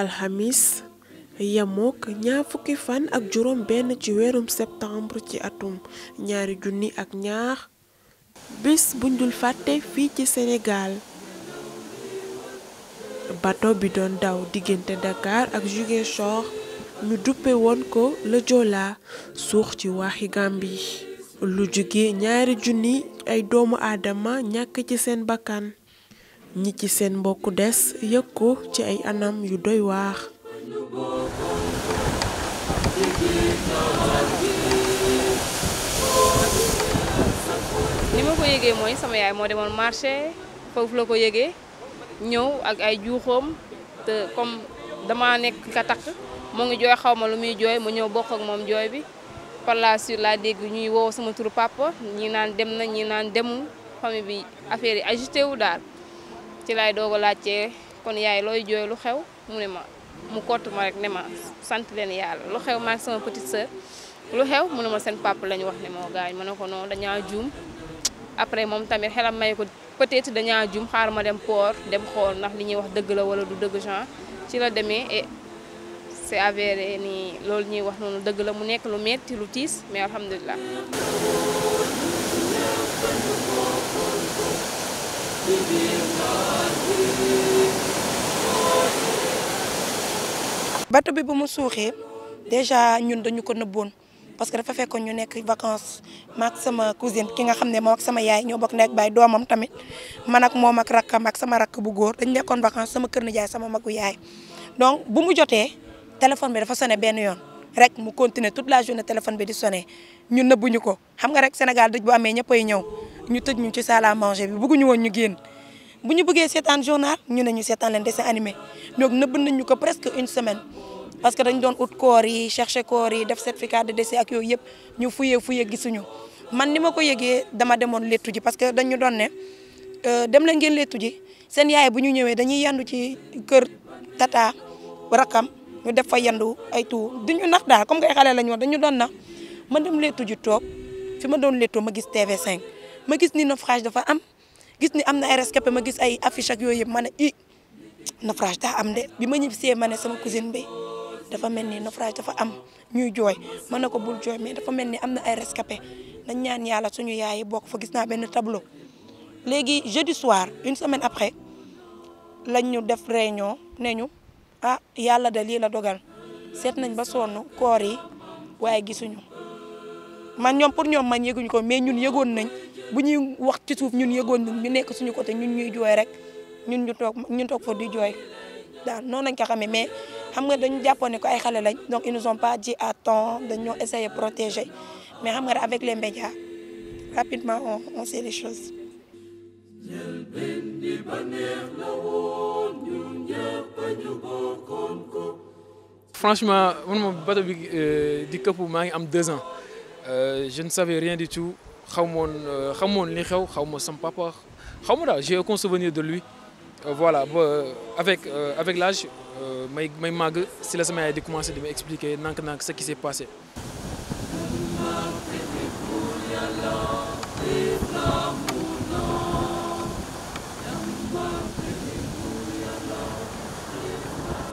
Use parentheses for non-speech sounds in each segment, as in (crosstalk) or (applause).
alxamis yemook ñaar fukki fan ak juróom benn ci weerum septembre ci atum ñaari junni ak ñaar bis buñ dul fàtte fii ci Sénégal bato bi doon daw diggante Dakar ak chor ñu duppe won ko le jola sux ci waxi gambi lu jóge ñaari junni ay doomu adama ñak ci sen bakan ñi ci sen mbokk dess yekko ci ay anam yu doy wax nima ko yegge moy sama yaay mo demoon marché foofu la ko yëgee ak ay juxom te comme dama nek ka tak mu joy jooy xaw ma lu muy jooy mu ñëw bokk ak moom jooy bi par la suite laa dégg ñuy woo sama turu papa ñi naan dem na ñi naan demul famille bi affaire yi agité wu daal ci laay doog a kon yaay looy joy lu xew mu ne ma mu kott ma rek ne ma sant leen lu xew maag sama petite sœur lu xew mu ne ma seen papa lañu wax ne moo gaañ ma ne ko non dañaa juum après moom tamit xelam may ko peut-être dañaa juum xaar ma dem port dem xool nak li ñuy wax dëgg la wala du dëgg genre ci la demee c'est avéré ni loolu ñuy wax noonu dëgg la mu nekk lu metti lu tiis mais alhamdulilah. bato bi bu mu suuxee déjà ñun dañu ko nëbboon parce que dafa fekkoon ñu nekk vacances ma sama cousine ki nga xam ne moo ak sama yaay ñoo bokk nekk baay doomam tamit man ak moom ak rakkam ak sama rakk bu góor dañu nekkoon vacances sama kër nijaay sama magu yaay donc bu mu jotee. téléphone bi dafa sonné ben yoon rek mu continuer toute la journée téléphone bi di sonné ñun nëbbuñu ko xam nga rek Sénégal dëj bu amé ñëppay ñëw ñu tëj ñu ci salle à manger bi ñu won ñu génn bu ñu bëggee journal ñu ne ñu seetaan leen dessin animé donc neub nañ ñuko presque une semaine parce que dañ doon autre corps yi chercher corps yi def certificat de décès ak yooyu yëpp ñu fuyee fuyee gisunu man nima ko yëgee dama démon lettu ji parce que dañu doon euh dem la ngeen lettu ji sen yaay bu ñu ñëwee dañuy yandu ci kër tata rakam ñu def fa yendu ay tuur duñu nax daal comme que ay xale lañu wax dañu doon nax ma dem léttu ji toog fi ma doon léttoo ma gis TV5 ma gis ni naufrage dafa am gis ni amna na ay rescapé ma gis ay affiche ak yooyu yëpp i naufrage daa am de bi ma ñibbisee ma ne sama cousine bi dafa mel ni naufrage dafa am ñuy joy, ma ne ko bul jooy mais dafa mel amna am na ay rescapé nañ ñaan yàlla suñu yaay yi bokk fa gis naa benn tableau léegi jeudi soir une semaine après lañ ñu def réunion ne ah yàlla de lii la dogal seet nañ ba sonn koor yi waaye gisuñu man ñoom pour ñoom man yëguñu ko mais ñun yëgoon nañ bu ñuy wax ci suuf ñun yëgoon nañ nekk suñu côté ñun ñuy jooy rek ñun ñu toog ñun toog fa di jooy daal noonu lañ ko xamee mais xam nga dañu jàppoon ko ay xale lañ donc ils nous ont pas dit à temps dañoo essayer protéger mais xam nga avec le médias rapidement on on sait les choses. Franchement, m'a suis en de me faire deux ans. Euh, je ne savais rien du tout. Je ne savais pas son papa. Je ne savais pas, j'ai aucun souvenir de lui. Euh, voilà, euh, avec l'âge, je suis en train de commencer à m'expliquer ce qui s'est passé.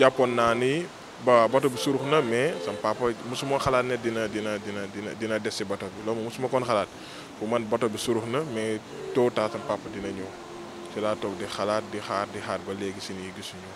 jàppoon naa ni ba boto bi surux na mais sama papa xalaat ne dina dina dina dina dina des si boto bi loolu mosuma koon xalaat bu man boto bi surux na mais tôt ou tard dina ñëw ci laa toog di xalaat di xaar di xaar ba léegi si nii gisuñu.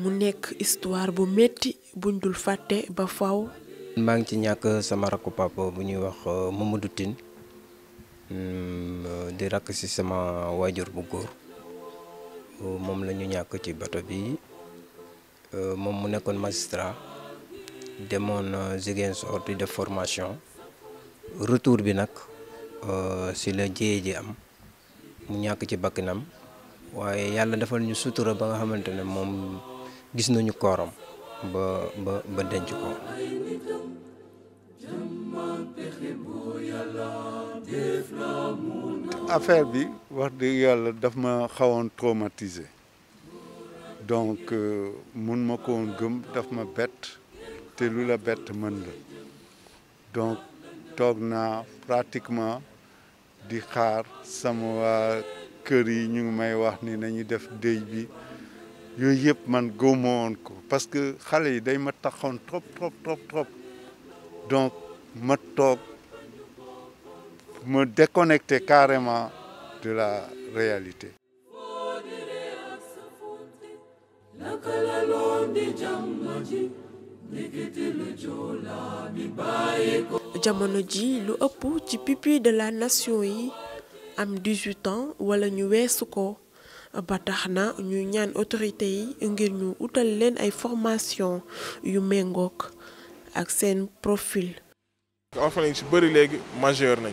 mu nekk histoire bu metti buñ dul fàtte ba faw mang ci ñak sama rakku papa bu ñuy wax eh, Mamadou hmm di rak ci sama wajur bu góor eh, mom lañu ñak ci bato bi eh, mom mu nekkon magistrat demon Ziguinchor di de formation retour bi nag si la jéye am mu ñak ci bakinam waye yalla defal ñu sutura ba nga xamantene mom gis nañu korom ba ba ba denj ko affaire bi wax de yalla daf ma xawone traumatisé donc euh, mun ma ko woon daf ma bett te lula la bett la donc tok n'a pratiquement di xaar sama wa kër yi ñu ngi may wax ni nañu def dëj bi yoy yep man gëmuma woon ko parce que xalé yi day ma taxone trop trop trop trop donc ma tok me déconnecter carrément de la réalité. jamono le lu du ci de la nation a 18 ans wala ñu weesu ko ñu ñaan autorité yi ngir ñu outal leen ay formation yu mengok ak seen profil. Enfin, yi ci bari légui majeur nañ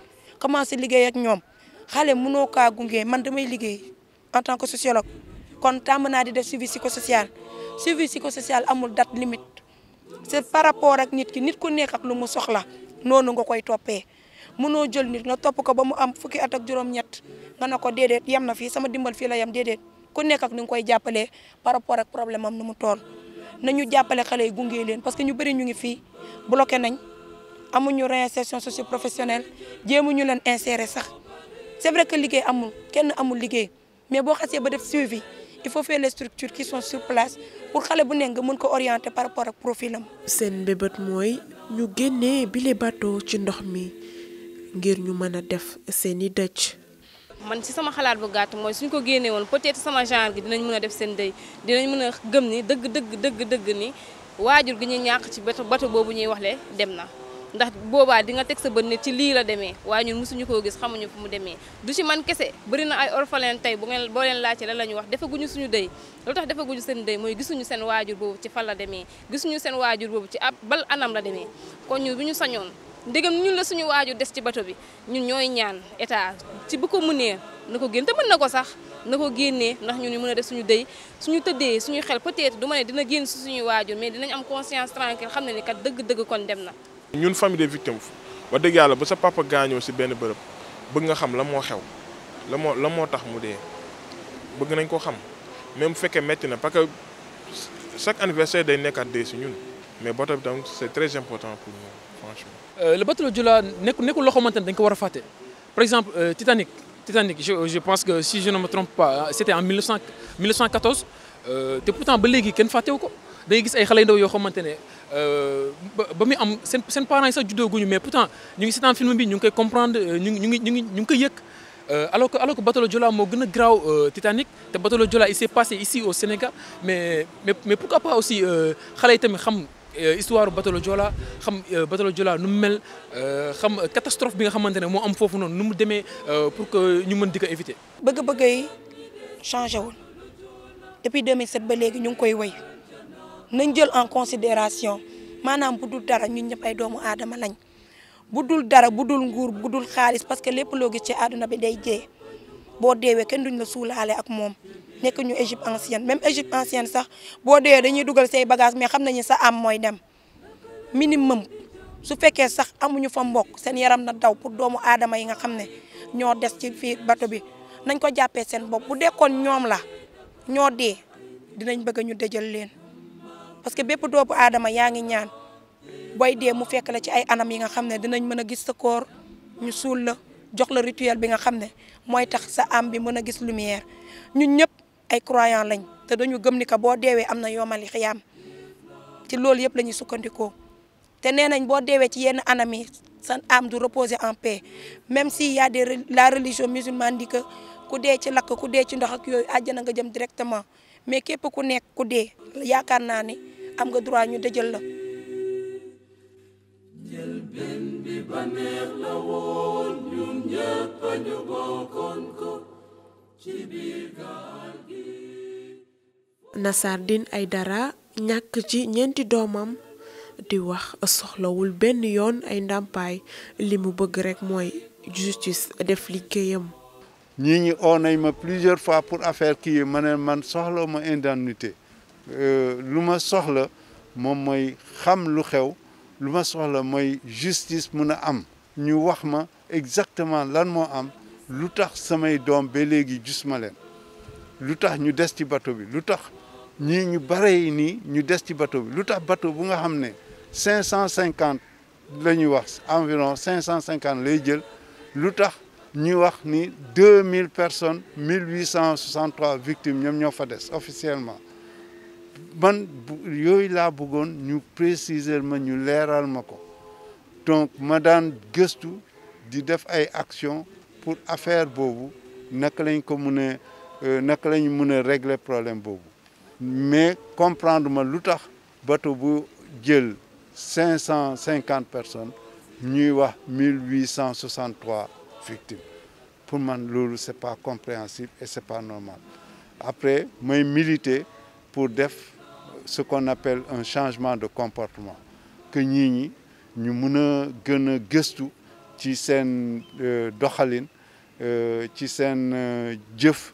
commencé liggéey ak ñoom xale munoo kaa gungee man may liggéey en tant que sociologue kon tàmm naa di def suivi psychosocial suivi psychosocial amul date limite c'est par rapport ak nit ki nit ku nekk ak lu mu soxla noonu nga koy toppee mënoo jël nit nga topp ko ba mu am fukki at ak juróom-ñett nga ne ko déedéet yem na fii sama dimbal fii la yem déedéet ku nekk ak ni nga koy jàppalee par rapport ak problème am nu mu toll nañu jàppale xale yi gunge leen parce que ñu bëri ñu ngi fii bloqué nañ amuñu réinsertion socio-professionnelle ñu leen insérer sax c'est vrai que liggéey amul kenn amul liggéey mais boo xasee ba def suivi il faut faire les structures qui son sur place pour xale bu ne nga mën ko orienter par rapport ak profil am. seen mbébét mooy ñu génne bile bateau ci ndox mi ngir ñu mën a def seen i dëj. man ci sama xalaat bu gàtt mooy suñ ko génnee woon peut sama genre gi dinañ mën a def seen dëj dinañ mën a gëm ni dëgg dëgg dëgg ni waajur gi ñuy ñàkk ci bato bato boobu ñuy waxle dem na. ndax boobaa di nga teg sa bët ne ci lii la demee waaye ñun mosuñu koo gis xamuñu fu mu demee du ci man kese bëri na ay orphelin tey bu ngeen boo leen laajte la la ñu wax defaguñu suñu dëy lu tax defaguñu seen dëy mooy gisuñu seen waajur boobu ci fan la demee gisuñu seen waajur boobu ci ab bal anam la demee kon ñu bu ñu sañoon ndegam ñun la suñu waajur des ci bato bi ñun ñooy ñaan état ci bu ko mënee na ko génn te na ko sax na ko génnee ndax ñu ñu mën a def suñu dëy suñu tëddee suñu xel peut du ma ne dina génn suñu waajur mais dinañ am conscience tranquille xam ne ni kat dëgg-dëgg kon dem na ñun famille des victimes Wa dëgg yalla bu sa papa gaañoo ci ben bërëb bëgg nga xam la mo xew la mo la mo tax mu dee bëgg nañ ko xam même féké metti na parce que chaque anniversaire day nekkaat dee ci ñun mais bateau tam c'est très important pour nous franchement. euh, le bateau Jula nekkul nekkul loo xamante ne dañ ko wara faté par exemple euh, Titanic Titanic je je pense que si je ne me trompe pas hein, c'était en 1900 1914 euh, te pourtant ba léegi kenn wu ko day gis ay xalé ndaw yo xamante ne. Euh, ba ba muy am seen seen parents yi sax juddooguñu mais pourtant ñu ngi seetaan film bi ñu ngi comprendre euh, ñu ngi ñu ngi ñu ngi ñu ngi koy yëg euh, alors que alors que Batalo Joola moo gën a graaw Titanic te Batalo Joola il s'est passé ici au Sénégal mais mais mais pourquoi pas aussi xale yi tamit xam histoire Batalo Joola xam Batalo Joola nu mu mel xam catastrophe bi nga xamante ne moo am foofu noonu nu mu demee pour que ñu mën di éviter. bëgg-bëgg yi changé wul depuis 2007 ba léegi ñu ngi koy woy nañ jël en considération maanaam bu dul dara ñun ñëpp ay doomu aadama lañ bu dul dara bu dul nguur bu dul xaalis parce que lépp loo ci àdduna bi day jee boo deewee kenn duñ la suulaale ak moom nekk ñu Égypte ancienne même Égypte ancienne sax boo deewee dañuy dugal say bagage mais xam nañu sax am mooy dem minimum su fekkee sax amuñu fa mbokk seen yaram na daw pour doomu aadama yi nga xam ne ñoo des ci fii bato bi nañ ko jàppee seen bopp bu dekkoon ñoom la ñoo dee dinañ bëgg ñu dëjal leen parce que bépp doobu aadama yaa ngi ñaan booy dee mu fekk la ci ay anam yi nga xam ne dinañ mën a gis sa koor ñu suul la jox la rituel bi nga xam ne mooy tax sa âme bi mën a gis lumière ñun ñëpp ay croyant lañ te dañu gëm ni que boo deewee am na yomal xiyaam ci loolu yëpp lañuy sukkandikoo te nee nañ boo deewee ci yenn anam yi sa am du reposer en paix même si y de la religion musulmane dit ku dee ci lakk ku dee ci ndox ak yooyu àjjana nga jëm directement mais képp ku nekk ku dee yaakaar naa am nga droit ñu dëjël Aidara ñàkk ci ñenti doomam di wax soxlawul benn yoon ay ndàmpaay li mu bëgg rek mooy justice def li ñii ñi oo nañ ma plusieurs fois pour affaire kii ma man soxla ma indemnité Euh, lu ma soxla moom mooy xam lu xew lu ma soxla mooy justice mun a am ñu wax ma exactement lan moo am lu tax samay doom be léegi gis leen lu tax ñu des ci bateau bi lu tax ñi ñu bare nii ñu des ci bateau bi lu tax bateau bu nga xam ne cinq cent cinquante la ñuy wax environ cinq cent cinquante lay jël lu tax ñuy wax ni deux mille personnes mille huit cent soixante trois ñoom ñoo fa des officiellement Je yooyu laa bëggoon ñu préciser ma ñu leeral ma donc ma daan gëstu di def ay action pour affaire boobu naka lañ ko mën a euh, lañ régler problème boobu mais comprendre ma lu tax bateau bu jël 550 personnes ñuy wax 1863 victimes pour moi, ce c'est pas compréhensible et c'est pas normal après may militer pour def ce qu'on appelle un changement de comportement que nous ñi ñu mën a gën a s'en ci seen euh, doxalin euh, ci sen euh, jëf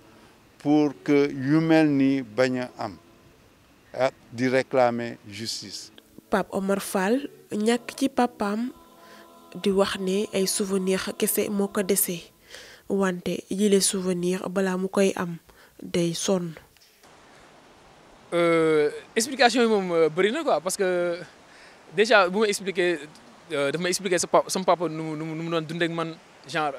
pour que yu mel ni bañ am ah, di réclamer justice. Pape Omar Fall ñak ci papam di wax ne ay souvenir kese moko déssé wanté wante les souvenir balaa mu koy am day sonn. Euh, explication yi moom euh, bëri na quoi parce que déjà bu ma expliquer euh, daf ma expliquer sa papa sama papa nu mu nu mu nu mu doon dundee ak man genre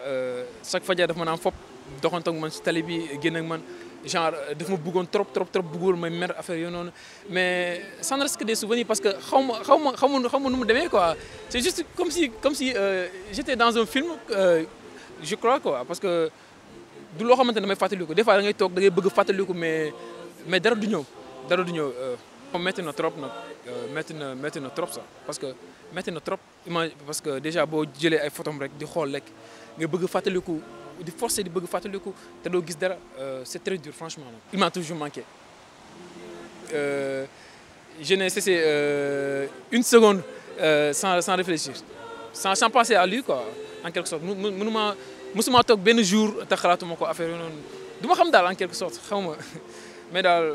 chaque fajar daf ma naan fop doxantoog man si tali bi génn ak man genre daf ma buggoon trop trop trop bëggul may mer affaire yooyu noonu mais san ne que des souvenirs parce que xaw ma xaw ma xaw ma xaw ma nu mu demee quoi c'est juste comme si comme si j'étais dans un film je crois quoi parce que du loo xamante ne damay fàttaliku des fois da toog da ngay bëgg fàttaliku mais mais dara du ñëw. dara du ñëw moom métti na trop nag métti na métti na trop parce que métti na trop parce que déjà boo jëlee ay photom rek di xool rek nga bëgg fàttaliku di forcer di bëgg fàttaliku te doo gis dara euh, c'est très dur franchement il m'a toujours manqué euh, je n'ai cessé euh, une seconde euh, sans sans réfléchir sans sans penser à lui quoi en quelque sorte nous nous mu mënuma mësuma toog benn jour te xalaatuma ko affaire yooyu noonu du ma xam daal en quelque sorte xaw (laughs) mais daal.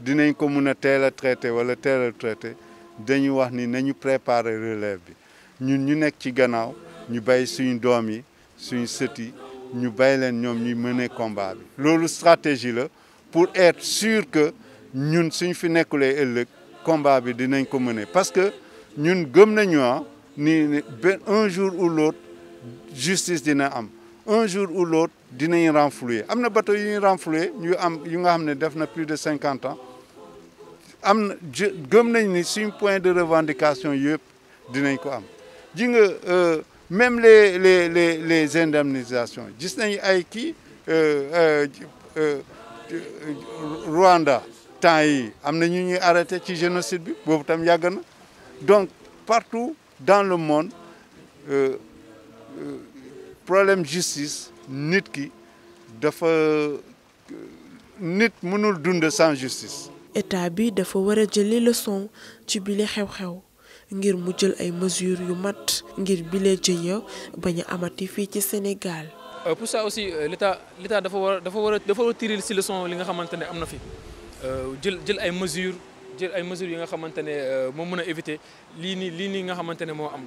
dinañ ko mun a teel a traité wala teel a traité dañu wax ni nañu préparer relève bi ñun ñu nekk ci gannaaw ñu bay suñu doom yi suñu sët yi ñu bay leen ñoom ñuy combat bi. loolu stratégie la pour être sûr que ñun suñ fi nekkulee ëllëg combat bi dinañ ko mener parce que ñun gëm nañu ah ni ben un jour ou l'autre justice dina am un jour ou l'autre dinañ renflouer am na bateau yu ñu renflouer ñu am yu nga xam ne def na plus de cinquante ans am gëm nañ ni suñ point de revendication yëpp dinañ ko am ji nga euh, même les les les les indemnisations gis nañ ay kii euh, euh, Rwanda temps yi am na ñu ñuy arrêté ci génocide bi boobu tam yàgg na donc partout dans le monde problème justice nit ki dafa nit mënul dund sans justice état bi dafa war a jëli leçon ci bile xew-xew ngir mu jël ay mesures yu matt ngir bile jëye bañ a amati fii ci Sénégal. Euh, pour ça aussi euh, l'état l'état dafa war dafa war a dafa war a tirer ci leçon li nga xamante ne am na fi euh, jël jël ay mesures jël ay mesures yi nga xamante ne moo mën a éviter lii nii lii nii nga xamante ne moo am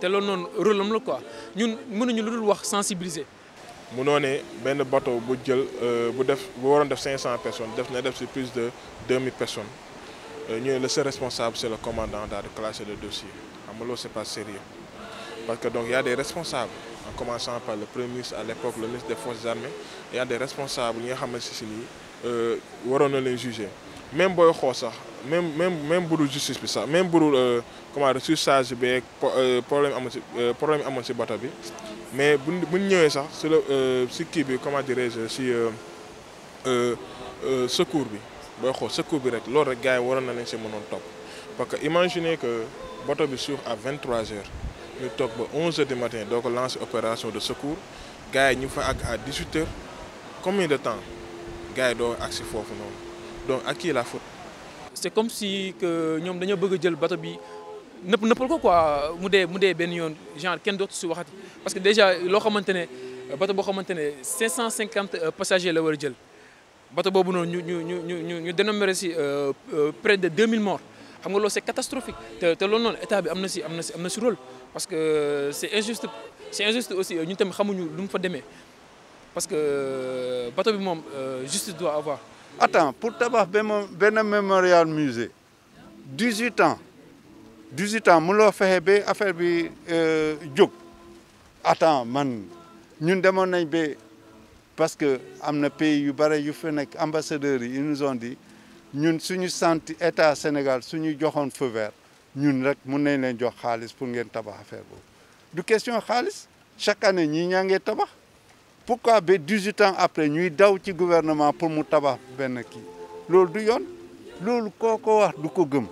te lool noonu rôle am la quoi ñun mënuñu lu dul wax sensibiliser. munoo ben benn bateau bu jël euh, bu def bu def 500 personnes def na def plus de 2000 personnes euh, ñu le seul responsable c'est le commandant qui a classer le dossier Ce c'est pas sérieux parce que donc il y a des responsables en commençant par le premier ministre à l'époque le ministre des forces armées il y a des responsables yi nga xamante si euh waron na les juger même si xox sax même même même le justice bi sax même budul. Euh, comment dire surcharge beeg euh, problème amoon euh, problème amoon si bato bi mais bu buñ ñëwee sax si la euh, si qui bi comment dirais-je euh secours bi boy xoo secours bi rek lool rek gaay yi nañ ci mënon top parce que imaginez que bato bi suuf à 23 heures ñu top ba 11 heures du matin donc lance opération de secours gars ñu fa ak à 18 heures combien de temps gars do doo agsi non, donc à qui la faute. c'est comme si que ñom dañu bëgg a jël bato bi. Pourquoi pas quoi moudé, genre parce que déjà 550 euh, passagers le nous euh, euh, près de 2000 morts c'est catastrophique te te état parce que c'est injuste c'est injuste aussi parce que justice doit avoir. Attends pour ben mémorial musée 18 ans. 18 ans mënuloo fexe bé, affaire bi euh, jóg à Attends, man ñun demoon nañ bé, parce que am na pays yu bare yu fa ambassadeurs yi ils nous ont dit ñun suñu senti état Sénégal suñu joxoon feu vert ñun rek mun nañ leen jox xaalis pour ngeen tabax affaire boobu du question xaalis chaque année ñii ñaa ngee tabax pourquoi bé 18 ans après ñuy daw ci gouvernement pour mu tabax benn kii loolu du yoon loolu koo wax du ko gëm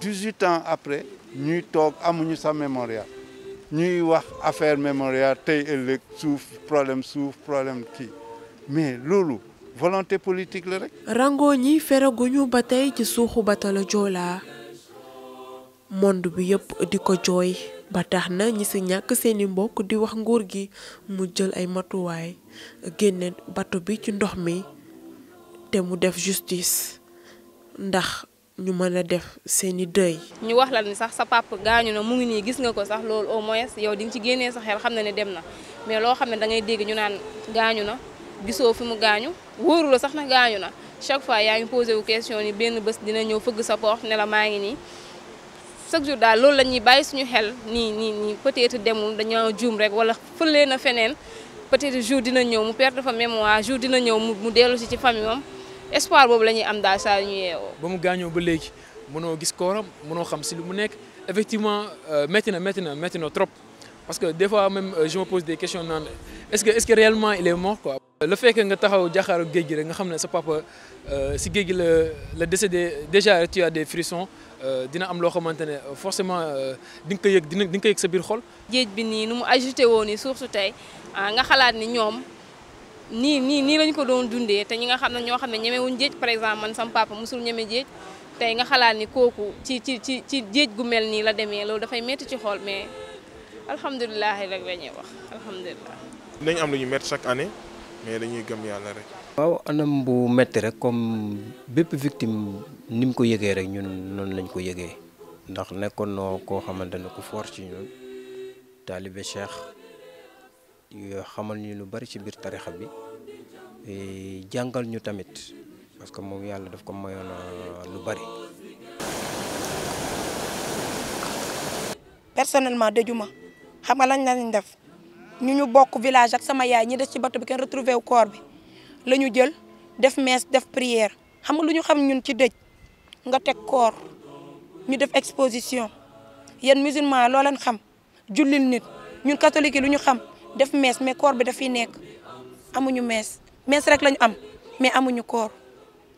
dix-huit ans après ñuy toog amuñu sa mémorial ñuy wax affaire mémorial tey ëllëg suuf problème suuf problème kii mais loolu volonté politique la rek. rango ñi feraguñu ba tey ci suuxu batalo Joola monde bi yëpp di ko jooy ba tax na ñi si ñàkk seeni mbokk di wax nguur gi mu jël ay matuwaay génne bato bi ci ndox mi te mu def justice ndax. ñu mën a def seen i deuil. ñu wax la ni sax sa papa gaañu na mu ngi nii gis nga ko sax loolu au moins yow di nga ci génnee sa xel xam na ne dem na mais loo xam ne da dégg ñu naan gaañu na gisoo fi mu gaañu wóoru la sax na gaañu na chaque fois yaa ngi posé wu question ni benn bés dina ñëw sa porte ne la maa ngi nii chaque jour daal loolu lañuy bàyyi suñu xel nii nii nii peut-être demul dañoo juum rek wala fëlee na feneen peut-être jour dina ñëw mu perte fa mémoire jour dina ñëw mu dellu si ci famille am espoir bobu que am à sa ñu ba mu ba légui mëno gis effectivement euh, maintenant maintenant, trop parce que des fois même euh, je me pose des questions est-ce que est-ce que réellement il est mort quoi. Euh, le fait que nga taxaw jaxaru geejgi rek nga si décédé déjà tu as des frissons dina am forcément sa xol. bi nu nii nii nii lañ ko doon dundee te ñi nga xam ne ñoo xam ne ñemewuñ jéej par exemple man sam papa musul ñeme jéej tey nga xalaat ni kooku ci ci ci ci jéej gu mel nii la demee loolu dafay métti ci xool mais alhamdulilah rek la ñuy wax alhamdulilah. dinañ am lu ñu métti chaque mais dañuy gëm yàlla rek. waaw anam bu métti rek comme bépp victime ni mu ko yëgee rek ñun noonu lañ ko yëgee ndax nekkoon noo koo xamante ne ku fort ci ñun taalibe Cheikh. xamal ñu lu bari ci biir tarixa bi e, jàngal ñu tamit parce que moom yàlla def ko mayoon euh, lu bari. personnellement dëjuma xam nga lañ lañ def ñu ñu bokk village ak sama yaay ñi def ci bato bi kenn retrouvé wu corps bi la ñu jël def messe def prière xam nga lu ñu xam ñun ci dëj nga teg corps ñu def exposition yéen musulman loo leen xam jullil nit ñun catholique lu ñu xam. def mees mais koor bi dafiy nekk amuñu mees mees rek lañu am mais amuñu koor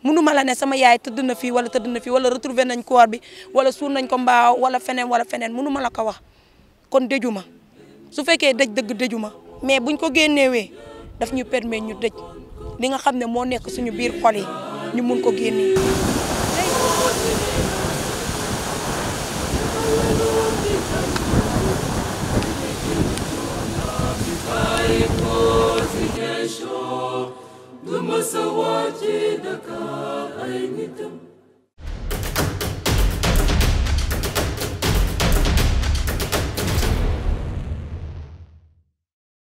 mënuma la ne sama yaay tëdd na fii wala tëdd na fii wala retrouver nañ koor bi wala suur nañ ko mbaaw wala feneen wala feneen mënuma la ko wax kon dëju ma su fekkee dëj dëgg dëju ma mais buñ ko génnewee daf ñu permettre ñu dëj li nga xam ne moo nekk suñu biir xol yi ñu mun ko génnee Duma sa wàcce Dakar ay nitam